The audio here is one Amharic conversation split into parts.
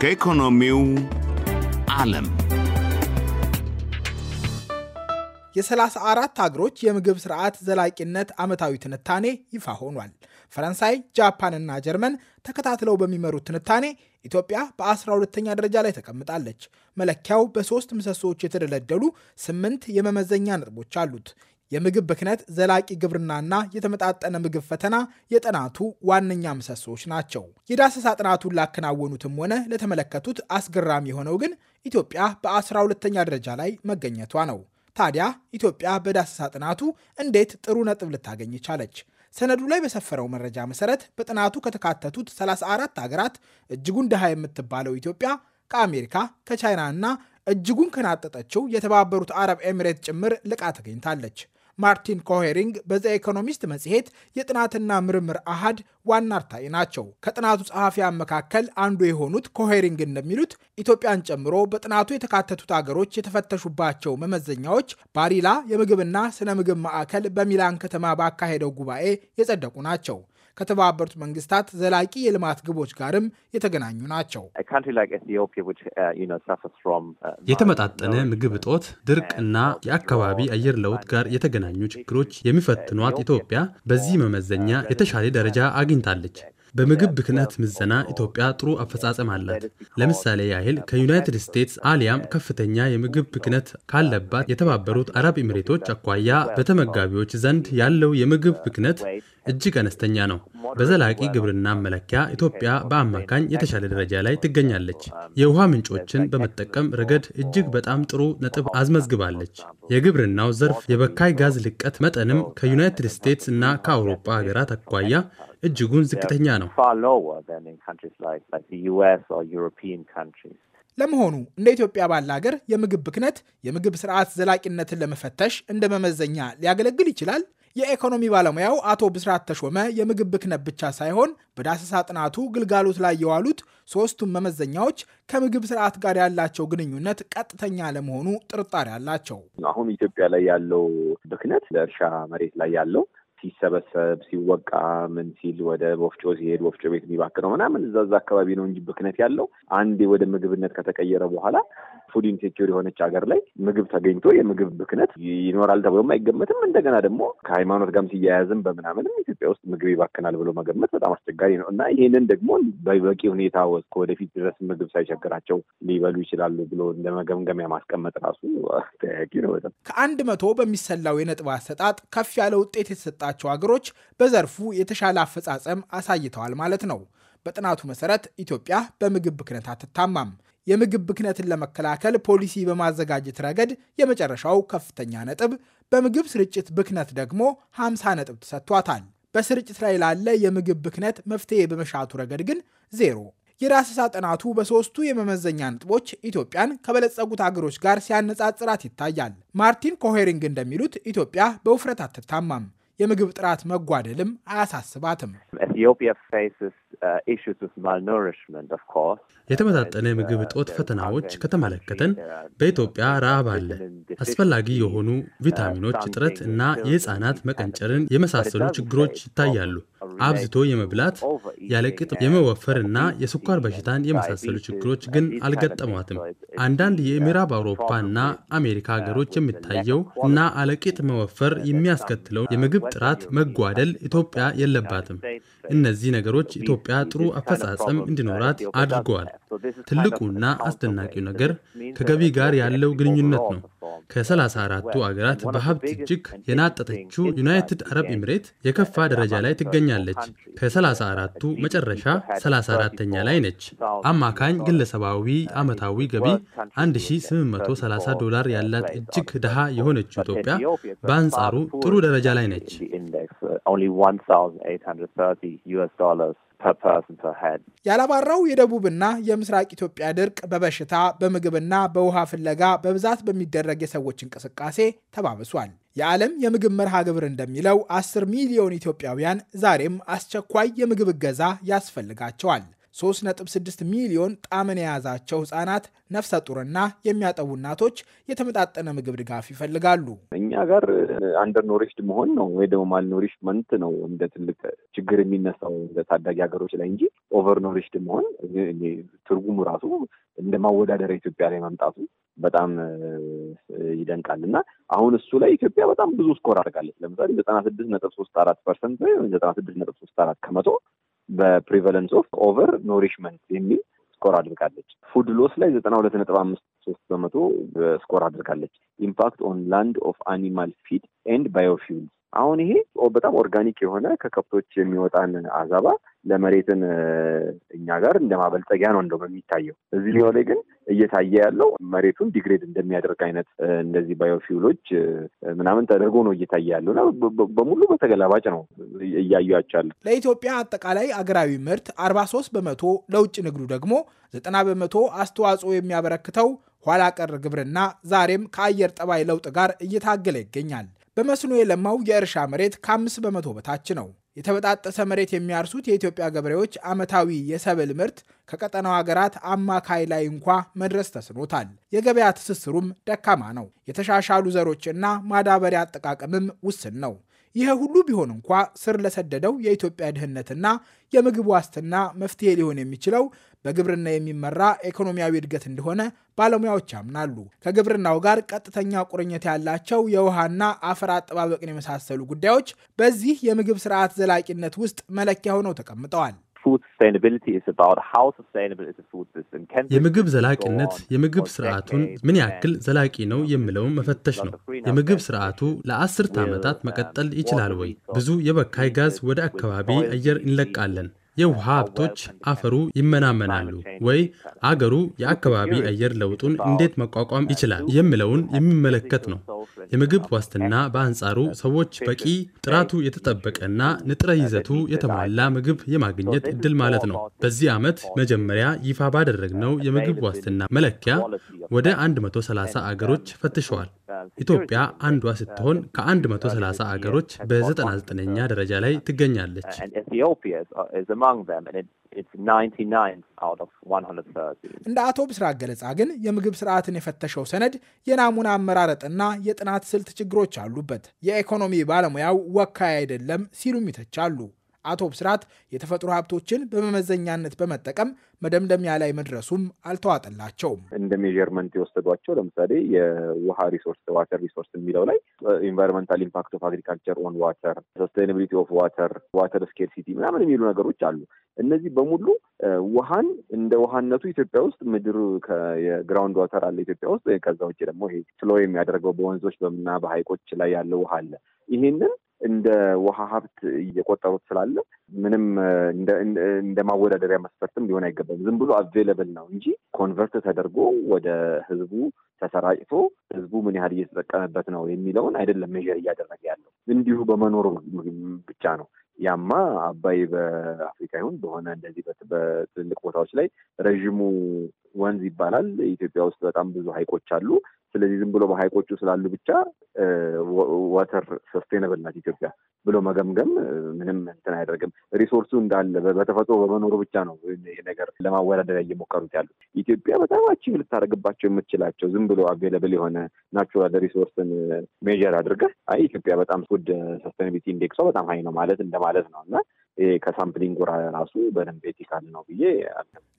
ከኢኮኖሚው ዓለም የሰላሳ አራት አገሮች የምግብ ስርዓት ዘላቂነት ዓመታዊ ትንታኔ ይፋ ሆኗል። ፈረንሳይ፣ ጃፓንና ጀርመን ተከታትለው በሚመሩት ትንታኔ ኢትዮጵያ በ12ተኛ ደረጃ ላይ ተቀምጣለች። መለኪያው በሶስት ምሰሶዎች የተደለደሉ ስምንት የመመዘኛ ነጥቦች አሉት። የምግብ ብክነት፣ ዘላቂ ግብርናና የተመጣጠነ ምግብ ፈተና የጥናቱ ዋነኛ ምሰሶች ናቸው። የዳሰሳ ጥናቱን ላከናወኑትም ሆነ ለተመለከቱት አስገራሚ የሆነው ግን ኢትዮጵያ በአስራ ሁለተኛ ደረጃ ላይ መገኘቷ ነው። ታዲያ ኢትዮጵያ በዳሰሳ ጥናቱ እንዴት ጥሩ ነጥብ ልታገኝ ቻለች? ሰነዱ ላይ በሰፈረው መረጃ መሰረት በጥናቱ ከተካተቱት 34 ሀገራት እጅጉን ድሃ የምትባለው ኢትዮጵያ ከአሜሪካ ከቻይና እና እጅጉን ከናጠጠችው የተባበሩት አረብ ኤሚሬት ጭምር ልቃ ተገኝታለች። ማርቲን ኮሄሪንግ በዘ ኢኮኖሚስት መጽሔት የጥናትና ምርምር አሃድ ዋና አርታኢ ናቸው። ከጥናቱ ጸሐፊያን መካከል አንዱ የሆኑት ኮሄሪንግ እንደሚሉት ኢትዮጵያን ጨምሮ በጥናቱ የተካተቱት አገሮች የተፈተሹባቸው መመዘኛዎች ባሪላ የምግብና ስነ ምግብ ማዕከል በሚላን ከተማ ባካሄደው ጉባኤ የጸደቁ ናቸው። ከተባበሩት መንግስታት ዘላቂ የልማት ግቦች ጋርም የተገናኙ ናቸው። የተመጣጠነ ምግብ እጦት፣ ድርቅ እና የአካባቢ አየር ለውጥ ጋር የተገናኙ ችግሮች የሚፈትኗት ኢትዮጵያ በዚህ መመዘኛ uh, የተሻለ ደረጃ uh, አግኝታለች። በምግብ ብክነት ምዘና ኢትዮጵያ ጥሩ አፈጻጸም አላት። ለምሳሌ ያህል ከዩናይትድ ስቴትስ አሊያም ከፍተኛ የምግብ ብክነት ካለባት የተባበሩት አረብ ኤምሬቶች አኳያ በተመጋቢዎች ዘንድ ያለው የምግብ ብክነት እጅግ አነስተኛ ነው። በዘላቂ ግብርና መለኪያ ኢትዮጵያ በአማካኝ የተሻለ ደረጃ ላይ ትገኛለች። የውሃ ምንጮችን በመጠቀም ረገድ እጅግ በጣም ጥሩ ነጥብ አስመዝግባለች። የግብርናው ዘርፍ የበካይ ጋዝ ልቀት መጠንም ከዩናይትድ ስቴትስ እና ከአውሮፓ ሀገራት አኳያ እጅጉን ዝቅተኛ ነው። ለመሆኑ እንደ ኢትዮጵያ ባለ ሀገር የምግብ ብክነት የምግብ ስርዓት ዘላቂነትን ለመፈተሽ እንደ መመዘኛ ሊያገለግል ይችላል? የኢኮኖሚ ባለሙያው አቶ ብስራት ተሾመ የምግብ ብክነት ብቻ ሳይሆን በዳሰሳ ጥናቱ ግልጋሎት ላይ የዋሉት ሶስቱም መመዘኛዎች ከምግብ ስርዓት ጋር ያላቸው ግንኙነት ቀጥተኛ ለመሆኑ ጥርጣሬ አላቸው። አሁን ኢትዮጵያ ላይ ያለው ብክነት ለእርሻ መሬት ላይ ያለው ሲሰበሰብ ሲወቃ ምን ሲል ወደ ወፍጮ ሲሄድ ወፍጮ ቤት የሚባክነው ምናምን እዛ አካባቢ ነው እንጂ ብክነት ያለው አንዴ ወደ ምግብነት ከተቀየረ በኋላ ፉድ ኢንሴኪር የሆነች ሀገር ላይ ምግብ ተገኝቶ የምግብ ብክነት ይኖራል ተብሎም አይገመትም። እንደገና ደግሞ ከሃይማኖት ጋርም ሲያያዝም በምናምንም ኢትዮጵያ ውስጥ ምግብ ይባክናል ብሎ መገመት በጣም አስቸጋሪ ነው እና ይህንን ደግሞ በበቂ ሁኔታ እስከ ወደፊት ድረስ ምግብ ሳይቸግራቸው ሊበሉ ይችላሉ ብሎ እንደ መገምገሚያ ማስቀመጥ ራሱ ተያያቂ ነው በጣም ከአንድ መቶ በሚሰላው የነጥብ አሰጣጥ ከፍ ያለ ውጤት የተሰጣቸው ሀገሮች በዘርፉ የተሻለ አፈጻጸም አሳይተዋል ማለት ነው። በጥናቱ መሰረት ኢትዮጵያ በምግብ ብክነት አትታማም። የምግብ ብክነትን ለመከላከል ፖሊሲ በማዘጋጀት ረገድ የመጨረሻው ከፍተኛ ነጥብ፣ በምግብ ስርጭት ብክነት ደግሞ 50 ነጥብ ተሰጥቷታል። በስርጭት ላይ ላለ የምግብ ብክነት መፍትሄ በመሻቱ ረገድ ግን ዜሮ። የዳሰሳ ጥናቱ በሦስቱ የመመዘኛ ነጥቦች ኢትዮጵያን ከበለጸጉት አገሮች ጋር ሲያነጻጽራት ይታያል። ማርቲን ኮሄሪንግ እንደሚሉት ኢትዮጵያ በውፍረት አትታማም። የምግብ ጥራት መጓደልም አያሳስባትም። uh, የተመጣጠነ የምግብ እጦት ፈተናዎች ከተመለከተን በኢትዮጵያ ረሃብ አለ፣ አስፈላጊ የሆኑ ቪታሚኖች እጥረት እና የህፃናት መቀንጨርን የመሳሰሉ ችግሮች ይታያሉ። አብዝቶ የመብላት ያለቅጥ የመወፈርና የስኳር በሽታን የመሳሰሉ ችግሮች ግን አልገጠሟትም። አንዳንድ የምዕራብ አውሮፓና አሜሪካ ሀገሮች የሚታየው እና አለቂጥ መወፈር የሚያስከትለው የምግብ ጥራት መጓደል ኢትዮጵያ የለባትም። እነዚህ ነገሮች ኢትዮጵያ ጥሩ አፈጻጸም እንዲኖራት አድርገዋል። ትልቁና አስደናቂው ነገር ከገቢ ጋር ያለው ግንኙነት ነው። 34 አገራት በሀብት እጅግ የናጠጠችው ዩናይትድ አረብ ኤምሬት የከፋ ደረጃ ላይ ትገኛለች። 34 መጨረሻ 34ተኛ ላይ ነች። አማካኝ ግለሰባዊ ዓመታዊ ገቢ 1830 ዶላር ያላት እጅግ ድሃ የሆነችው ኢትዮጵያ በአንጻሩ ጥሩ ደረጃ ላይ ነች። ያላባራው የደቡብና የምስራቅ ኢትዮጵያ ድርቅ በበሽታ በምግብና በውሃ ፍለጋ በብዛት በሚደረግ የሰዎች እንቅስቃሴ ተባብሷል። የዓለም የምግብ መርሃ ግብር እንደሚለው 10 ሚሊዮን ኢትዮጵያውያን ዛሬም አስቸኳይ የምግብ እገዛ ያስፈልጋቸዋል። 3.6 ሚሊዮን ጣምን የያዛቸው ህጻናት፣ ነፍሰ ጡርና የሚያጠቡ እናቶች የተመጣጠነ ምግብ ድጋፍ ይፈልጋሉ። እኛ ጋር አንደር ኖሪሽድ መሆን ነው ወይ ደግሞ ማል መንት ነው እንደ ትልቅ ችግር የሚነሳው እንደ ታዳጊ ሀገሮች ላይ እንጂ ኦቨር ኖሪሽድ መሆን ትርጉሙ ራሱ እንደ ማወዳደሪያ ኢትዮጵያ ላይ መምጣቱ በጣም ይደንቃል እና አሁን እሱ ላይ ኢትዮጵያ በጣም ብዙ ስኮር አድርጋለች። ለምሳሌ ዘጠና ስድስት ነጥብ ሶስት አራት ፐርሰንት ዘጠና ስድስት ነጥብ ሶስት አራት ከመቶ በፕሪቨለንስ ኦፍ ኦቨር ኖሪሽመንት የሚል ስኮር አድርጋለች። ፉድ ሎስ ላይ ዘጠና ሁለት ነጥብ አምስት ሶስት በመቶ ስኮር አድርጋለች። ኢምፓክት ኦን ላንድ ኦፍ አኒማል ፊድ ኤንድ ባዮፊውል አሁን ይሄ በጣም ኦርጋኒክ የሆነ ከከብቶች የሚወጣን አዛባ ለመሬትን እኛ ጋር እንደ ማበልጸጊያ ነው እንደውም የሚታየው። እዚህ ላይ ግን እየታየ ያለው መሬቱን ዲግሬድ እንደሚያደርግ አይነት እንደዚህ ባዮፊውሎች ምናምን ተደርጎ ነው እየታየ ያለው እና በሙሉ በተገላባጭ ነው እያዩቸዋል። ለኢትዮጵያ አጠቃላይ አገራዊ ምርት አርባ ሶስት በመቶ ለውጭ ንግዱ ደግሞ ዘጠና በመቶ አስተዋጽኦ የሚያበረክተው ኋላ ቀር ግብርና ዛሬም ከአየር ጠባይ ለውጥ ጋር እየታገለ ይገኛል። በመስኖ የለማው የእርሻ መሬት ከአምስት በመቶ በታች ነው። የተበጣጠሰ መሬት የሚያርሱት የኢትዮጵያ ገበሬዎች ዓመታዊ የሰብል ምርት ከቀጠናው ሀገራት አማካይ ላይ እንኳ መድረስ ተስኖታል። የገበያ ትስስሩም ደካማ ነው። የተሻሻሉ ዘሮች እና ማዳበሪያ አጠቃቀምም ውስን ነው። ይህ ሁሉ ቢሆን እንኳ ስር ለሰደደው የኢትዮጵያ ድህነትና የምግብ ዋስትና መፍትሄ ሊሆን የሚችለው በግብርና የሚመራ ኢኮኖሚያዊ እድገት እንደሆነ ባለሙያዎች ያምናሉ። ከግብርናው ጋር ቀጥተኛ ቁርኝት ያላቸው የውሃና አፈር አጠባበቅን የመሳሰሉ ጉዳዮች በዚህ የምግብ ስርዓት ዘላቂነት ውስጥ መለኪያ ሆነው ተቀምጠዋል። የምግብ ዘላቂነት የምግብ ስርዓቱን ምን ያክል ዘላቂ ነው የሚለውን መፈተሽ ነው። የምግብ ስርዓቱ ለአስርት ዓመታት መቀጠል ይችላል ወይ? ብዙ የበካይ ጋዝ ወደ አካባቢ አየር እንለቃለን። የውሃ ሀብቶች አፈሩ ይመናመናሉ ወይ? አገሩ የአካባቢ አየር ለውጡን እንዴት መቋቋም ይችላል የሚለውን የሚመለከት ነው። የምግብ ዋስትና በአንጻሩ ሰዎች በቂ ጥራቱ የተጠበቀና ንጥረ ይዘቱ የተሟላ ምግብ የማግኘት እድል ማለት ነው። በዚህ ዓመት መጀመሪያ ይፋ ባደረግነው የምግብ ዋስትና መለኪያ ወደ 130 አገሮች ፈትሸዋል። ኢትዮጵያ አንዷ ስትሆን ከ130 አገሮች በ99ኛ ደረጃ ላይ ትገኛለች። እንደ አቶ ብስራት ገለጻ ግን የምግብ ስርዓትን የፈተሸው ሰነድ የናሙና አመራረጥና የጥናት ስልት ችግሮች አሉበት። የኢኮኖሚ ባለሙያው ወካይ አይደለም ሲሉም ይተቻሉ። አቶ ብስራት የተፈጥሮ ሀብቶችን በመመዘኛነት በመጠቀም መደምደሚያ ላይ መድረሱም አልተዋጠላቸውም። እንደ ሜዠርመንት የወሰዷቸው ለምሳሌ የውሃ ሪሶርስ ዋተር ሪሶርስ የሚለው ላይ ኢንቫይሮንመንታል ኢምፓክት ኦፍ አግሪካልቸር ኦን ዋተር፣ ሶስቴናብሊቲ ኦፍ ዋተር፣ ዋተር ስኬርሲቲ ምናምን የሚሉ ነገሮች አሉ። እነዚህ በሙሉ ውሃን እንደ ውሃነቱ ኢትዮጵያ ውስጥ ምድር የግራውንድ ዋተር አለ ኢትዮጵያ ውስጥ። ከዛ ውጭ ደግሞ ይሄ ፍሎ የሚያደርገው በወንዞች በምና በሀይቆች ላይ ያለው ውሃ አለ። ይሄንን እንደ ውሃ ሀብት እየቆጠሩት ስላለ ምንም እንደ ማወዳደሪያ መስፈርትም ሊሆን አይገባም። ዝም ብሎ አቬለብል ነው እንጂ ኮንቨርት ተደርጎ ወደ ህዝቡ ተሰራጭቶ ህዝቡ ምን ያህል እየተጠቀመበት ነው የሚለውን አይደለም ሜዥር እያደረገ ያለው እንዲሁ በመኖሩ ብቻ ነው። ያማ አባይ በአፍሪካ ይሁን በሆነ እንደዚህ በትልልቅ ቦታዎች ላይ ረዥሙ ወንዝ ይባላል። ኢትዮጵያ ውስጥ በጣም ብዙ ሀይቆች አሉ። ስለዚህ ዝም ብሎ በሀይቆቹ ስላሉ ብቻ ወተር ሰስቴነብል ናት ኢትዮጵያ ብሎ መገምገም ምንም እንትን አያደርግም። ሪሶርሱ እንዳለ በተፈጥሮ በመኖሩ ብቻ ነው ነገር ለማወዳደር እየሞከሩት ያሉት። ኢትዮጵያ በጣም አቺቭ ልታደርግባቸው የምትችላቸው ዝም ብሎ አቬለብል የሆነ ናቹራል ሪሶርስን ሜዥር አድርገህ አይ ኢትዮጵያ በጣም ፉድ ሰስቴናቢሊቲ ኢንዴክሷ በጣም ሀይ ነው ማለት እንደማለት ነው እና ከሳምፕሊንግ ጎራ ራሱ በደንብ ኤቲካል ነው ብዬ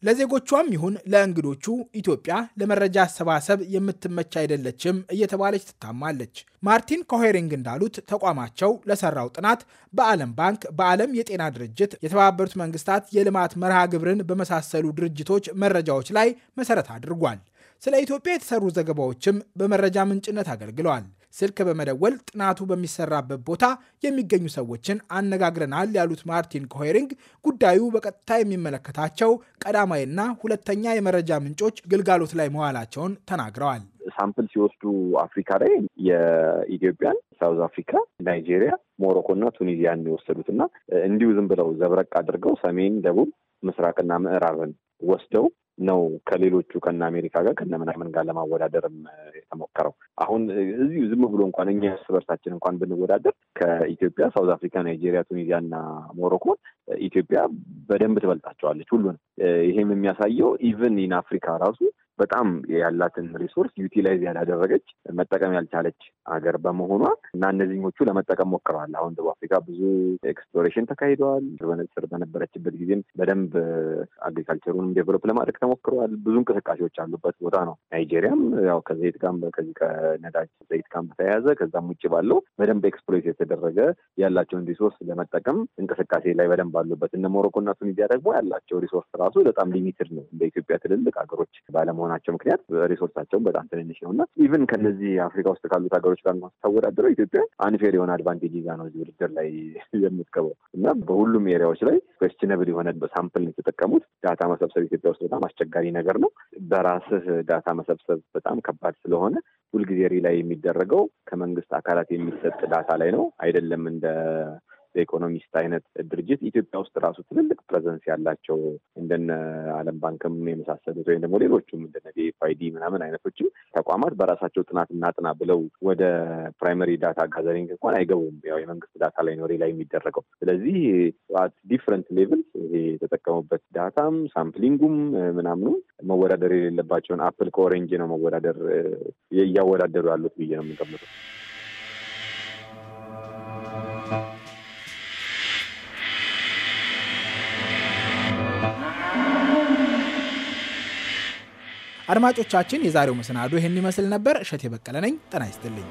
ለዜጎቿም ይሁን ለእንግዶቹ ኢትዮጵያ ለመረጃ አሰባሰብ የምትመቻ አይደለችም እየተባለች ትታማለች። ማርቲን ኮሄሪንግ እንዳሉት ተቋማቸው ለሰራው ጥናት በዓለም ባንክ፣ በዓለም የጤና ድርጅት፣ የተባበሩት መንግስታት የልማት መርሃ ግብርን በመሳሰሉ ድርጅቶች መረጃዎች ላይ መሰረት አድርጓል። ስለ ኢትዮጵያ የተሰሩ ዘገባዎችም በመረጃ ምንጭነት አገልግለዋል። ስልክ በመደወል ጥናቱ በሚሰራበት ቦታ የሚገኙ ሰዎችን አነጋግረናል ያሉት ማርቲን ኮሄሪንግ ጉዳዩ በቀጥታ የሚመለከታቸው ቀዳማይና ሁለተኛ የመረጃ ምንጮች ግልጋሎት ላይ መዋላቸውን ተናግረዋል። ሳምፕል ሲወስዱ አፍሪካ ላይ የኢትዮጵያን፣ ሳውዝ አፍሪካ፣ ናይጄሪያ፣ ሞሮኮ እና ቱኒዚያን የወሰዱት እና እንዲሁ ዝም ብለው ዘብረቅ አድርገው ሰሜን፣ ደቡብ ምስራቅና ምዕራብን ወስደው ነው ከሌሎቹ ከነ አሜሪካ ጋር ከነ ምናምን ጋር ለማወዳደርም የተሞከረው። አሁን እዚሁ ዝም ብሎ እንኳን እኛ እርስ በርሳችን እንኳን ብንወዳደር ከኢትዮጵያ፣ ሳውዝ አፍሪካ፣ ናይጄሪያ፣ ቱኒዚያ እና ሞሮኮን ኢትዮጵያ በደንብ ትበልጣቸዋለች ሁሉንም። ይሄም የሚያሳየው ኢቨን ኢን አፍሪካ ራሱ በጣም ያላትን ሪሶርስ ዩቲላይዝ ያላደረገች መጠቀም ያልቻለች ሀገር በመሆኗ እና እነዚህኞቹ ለመጠቀም ሞክረዋል። አሁን ደቡብ አፍሪካ ብዙ ኤክስፕሎሬሽን ተካሂደዋል። በንጽር በነበረችበት ጊዜም በደንብ አግሪካልቸሩንም ዴቨሎፕ ለማድረግ ተሞክረዋል። ብዙ እንቅስቃሴዎች አሉበት ቦታ ነው። ናይጄሪያም ያው ከዘይት ጋር ከዚህ ከነዳጅ ዘይት ጋር በተያያዘ ከዛም ውጭ ባለው በደንብ ኤክስፕሎይት የተደረገ ያላቸውን ሪሶርስ ለመጠቀም እንቅስቃሴ ላይ በደንብ አሉበት። እነ ሞሮኮና ቱኒዚያ ደግሞ ያላቸው ሪሶርስ ራሱ በጣም ሊሚትድ ነው እንደ ኢትዮጵያ ትልልቅ ሀገሮች ባለመሆ በመሆናቸው ምክንያት ሪሶርሳቸውን በጣም ትንንሽ ነው እና ኢቨን ከነዚህ አፍሪካ ውስጥ ካሉት ሀገሮች ጋር ማስታወዳደረው ኢትዮጵያ አንፌር የሆነ አድቫንቴጅ ይዛ ነው እዚህ ውድድር ላይ የምትገባው እና በሁሉም ኤሪያዎች ላይ ኮስችነብል የሆነ በሳምፕል የተጠቀሙት ዳታ መሰብሰብ ኢትዮጵያ ውስጥ በጣም አስቸጋሪ ነገር ነው። በራስህ ዳታ መሰብሰብ በጣም ከባድ ስለሆነ ሁልጊዜ ሪላይ የሚደረገው ከመንግስት አካላት የሚሰጥ ዳታ ላይ ነው አይደለም እንደ የኢኮኖሚስት አይነት ድርጅት ኢትዮጵያ ውስጥ ራሱ ትልልቅ ፕሬዘንስ ያላቸው እንደነ ዓለም ባንክም የመሳሰሉት ወይም ደግሞ ሌሎቹም እንደነ ዲኤፍአይዲ ምናምን አይነቶችም ተቋማት በራሳቸው ጥናት እናጥና ብለው ወደ ፕራይመሪ ዳታ ጋዘሪንግ እንኳን አይገቡም። ያው የመንግስት ዳታ ላይ ኖሬ ላይ የሚደረገው። ስለዚህ አት ዲፍረንት ሌቭል ይሄ የተጠቀሙበት ዳታም ሳምፕሊንጉም ምናምኑ መወዳደር የሌለባቸውን አፕል ከኦሬንጅ ነው መወዳደር እያወዳደሩ ያሉት ብዬ ነው የምንቀምጠው። አድማጮቻችን፣ የዛሬው መሰናዶ ይህን ይመስል ነበር። እሸት የበቀለ ነኝ። ጤና ይስጥልኝ።